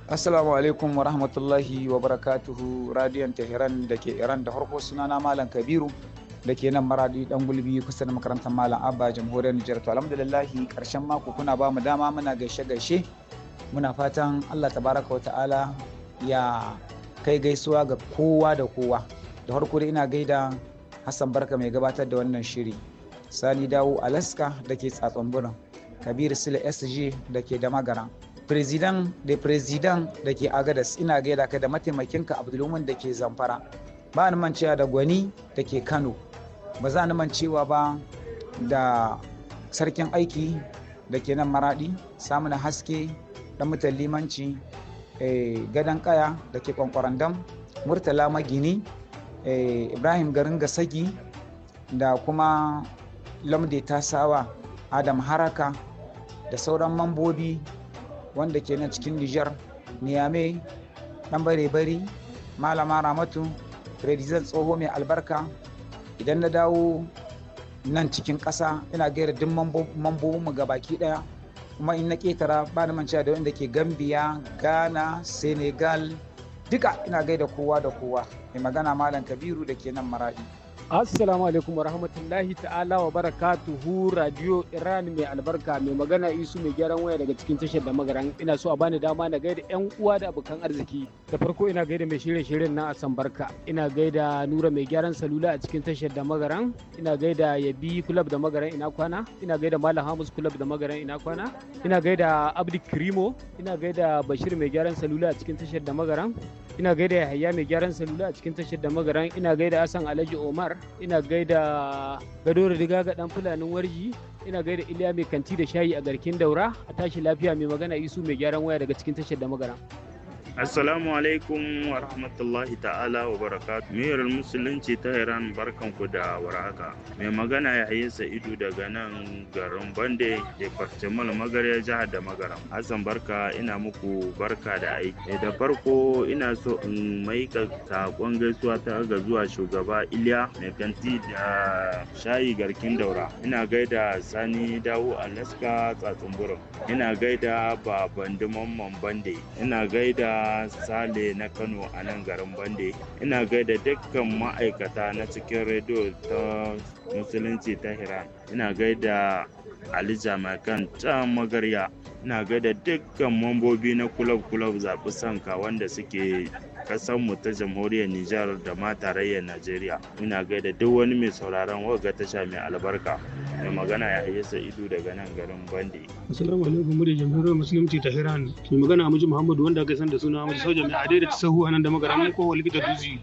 Assalamu alaikum wa rahmatullahi wa barakatuhu radiyon Tehran da ke Iran da harko sunana Malam Kabiru da ke nan maradi dan gulbi kusa da makarantar Malam Abba jamhuriyar Nijar to alhamdulillahi karshen mako kuna ba mu dama muna gaishe gaishe muna fatan Allah tabaraka wa ta'ala ya kai gaisuwa ga kowa da kowa da harko da ina gaida hassan barka mai gabatar da wannan shiri sani dawo alaska da ke tsatson birnin kabir sila sg da ke da magara prezidan da prezidan da ke agadas ina gaida ka da mataimakinka abdulmumin da ke zamfara ba ni mancewa da gwani da ke kano ba za ni mancewa ba da sarkin aiki da ke nan maradi samun haske da mutan limanci Eh, gadon kaya da ke kwankwarandam murtala magini eh, ibrahim garin gasagi da kuma lamde tasawa adam haraka da sauran mambobi wanda ke nan cikin nijar niyame dan bare-bari malama ramatu redizan tsoho mai albarka idan na dawo nan cikin ƙasa ina gaira duk mambobinmu ga baki ɗaya kuma in na ketara ba na manciya da wanda ke gambiya ghana senegal duka ina gaida kowa da kowa mai magana malam kabiru da ke nan maradi Assalamu alaikum wa rahmatullahi ta'ala wa barakatuhu Radio Iran mai albarka mai magana isu mai gyaran waya daga cikin tashar da magaran ina so a bani dama na gaida yan uwa da abokan arziki da farko ina gaida mai shirye shiryen na asan barka ina gaida Nura mai gyaran salula a cikin tashar da magaran ina gaida Yabi Club da magaran ina kwana ina gaida Malam Hamus Club da magaran ina kwana ina gaida Abdi Krimo ina gaida Bashir mai gyaran salula a cikin tashar da magaran ina gaida yahaya mai gyaran salula a cikin tashar da magaran ina gaida asan alhaji omar ina gaida gado da diga ga dan fulanin warji ina gaida iliya mai kanti da shayi a garkin daura a tashi lafiya mai magana isu mai gyaran waya daga cikin tashar da magaran Assalamu alaikum wa rahmatullahi ta'ala wa barakatuh. Miyar Musulunci ta Iran ku da warhaka. Mai magana ya yi sa'idu daga nan garin Bande da Fartimal Magarya jihar da Magaram. Hassan barka ina muku barka da aiki. Eh, da farko ina so in maika sakon gaisuwa ta ga zuwa shugaba Iliya mai kanti da shayi garkin daura. Ina gaida Sani Dawo Alaska Tsatsunburin. Ina gaida Baban Duman Bande. Ina gaida Sale na Kano a nan garin Bande. Ina gaida dukkan ma'aikata na cikin rediyo ta Musulunci ta hiran Ina gaida Ali Jamakan ta magarya. Ina gaida dukkan mambobi na kulab-kulab zaɓi sanka wanda suke mu ta jamhuriyar Nijar da ma tarayyar Najeriya. Ina gaida duk wani mai sauraron ta tasha mai albarka. Mai magana ya haye ido daga nan garin Bande. Assalamu alaikum mu da jamhuriyar musulunci ta Iran. Mai magana Amadu Muhammadu wanda aka san da suna Amadu Soja mai adai da sahu a nan da magaram ko likita Duzi.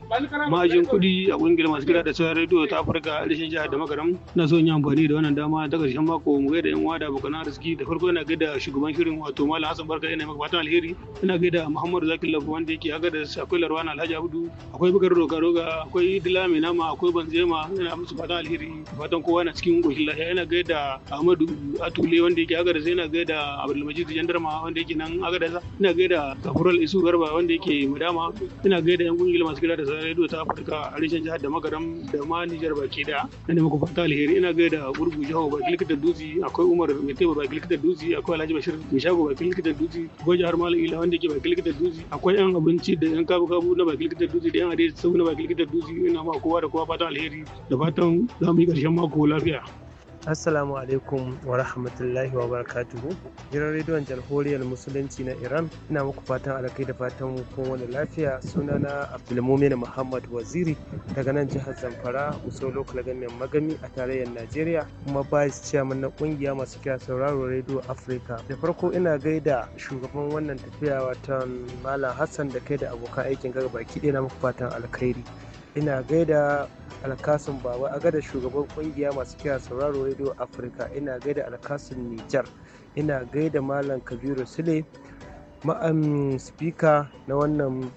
Majin kudi a kungiyar masu gida da sauran rediyo ta Afirka rashin jihar da magaram. Na so in yi amfani da wannan dama ta ƙarshen mako mu gaida yan wada abokan arziki da farko ina gaida shugaban shirin wato Malam Hassan Barka yana maka fatan alheri. Ina gaida Muhammadu Zakir Lafu wanda yake aga da akwai larwana alhaji abudu akwai bukar roga roga akwai dilami nama akwai banzema yana musu fatan alheri fatan kowa na cikin goshin lafiya ina gaida ahmadu atule wanda yake agadez ina gaida abdulmajid jandarma wanda yake nan agadez ina gaida kafural isu garba wanda yake madama ina gaida yan kungiyar masu kira da sarari radio ta afirka a reshen jihar da magaram da ma nijar baki da yana muku fatan alheri ina gaida gurgu jaho baki likitan dutse akwai umar mai taiba baki likitan dutse akwai alhaji bashir mai shago baki likitan dutse akwai jihar malam ila wanda yake baki likitan dutse akwai yan abinci da yan kago kawo kabu na bakin likitar dutse da yan adai sabu na bakin likitar dutse ina ma kowa da kowa fatan alheri da fatan za mu yi karshen mako lafiya. assalamu alaikum wa rahmatullahi wa barakatuhu gidan rediyon jamhuriyar musulunci na iran ina muku fatan alakai da fatan kowane lafiya sunana abdulmumin muhammad waziri daga nan jihar zamfara uso Lokal ganin magami a tarayyar najeriya kuma vice chairman na kungiya masu kira sauraro radio africa da farko ina gaida shugaban wannan tafiya watan malam hassan da kai da abokan aikin gaba baki ɗaya na muku fatan alkhairi ina gaida alkasun baba a gada shugaban kungiya masu kira sauraro radio afirka ina gaida alkasun nijar ina gaida malam kabiru sule ma'am um, speaker na wannan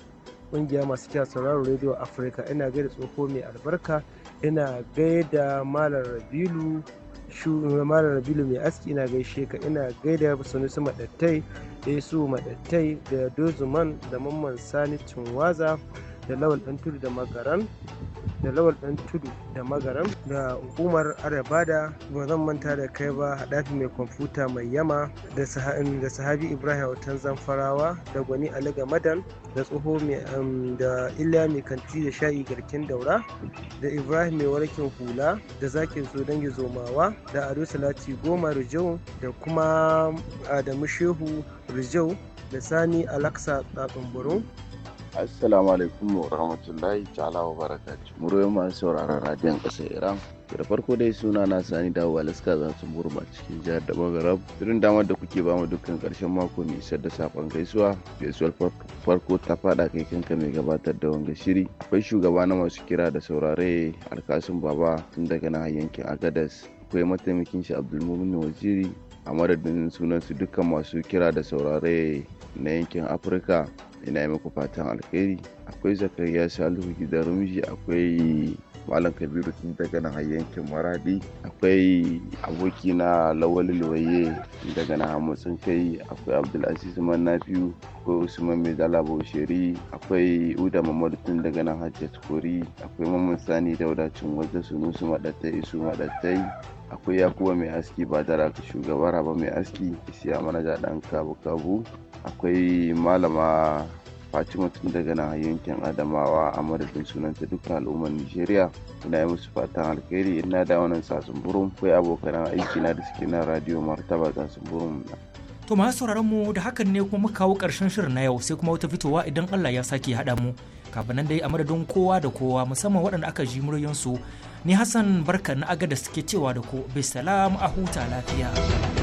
kungiya masu kira sauraro radio afirka ina gaida tsoho mai albarka ina gaida malam rabilu malam rabilu mai aski ina gaishe ka ina gaida sanusi madattai da su madattai da dozuman da mamman sani tunwaza. da lawal ɗan tudu da magaran. da lawal ɗan tudu da magaram da umar arabada ba zan manta da kai ba haɗafi mai kwamfuta mai yama da sahabi ibrahim autan zamfarawa da gwani ali Madan, da tsoho um, da iliya mai kanti da sha'i garkin daura da ibrahim mai warkin hula da zakin so dangi zomawa da ado salati goma rijau da kuma adamu shehu rijau da sani alaksa tsatsun Assalamu alaikum wa rahmatullahi ta'ala wa barakatuh. Muryoyin masu sauraron radiyon ƙasar Iran. da farko dai suna na sani dawowa laska za su murma cikin jihar da magarab irin damar da kuke bamu dukkan karshen mako mai isar da safon gaisuwa gaisuwar farko ta fada kai kanka mai gabatar da wanga shiri akwai shugaba na masu kira da saurare alkasun baba tun daga na yankin agadas akwai mataimakin shi abdulmumin waziri a madadin sunansu dukkan masu kira da saurare na yankin afirka ina yi muku fatan alkhairi akwai zakariya salihu gidan rumji akwai malam kabiru tun daga nan yankin maradi akwai aboki na lawal luwaye daga nan hamsin kai akwai abdulaziz mannafiu akwai usman mai dala akwai uda mamadu tun daga nan hajjat kori akwai mamman sani Dauda, daudacin wajen sunusu maɗattai isu maɗattai akwai yakuba mai aski ba dara ka shugaba raba mai aski siya manaja dan kabu kabu akwai malama fatima tun daga na yankin adamawa a madadin sunanta dukkan al'ummar nigeria ina yi musu fatan alkhairi ina da wannan sasun kai abokan aiki na da suke na radio martaba sasun burin to masu sauraron mu da hakan ne kuma muka kawo karshen shirin na yau sai kuma wata fitowa idan allah ya sake haɗa mu kafin nan dai a madadin kowa da kowa musamman waɗanda aka ji muryansu ni hassan barka na agada suke cewa da ku bisalam a huta lafiya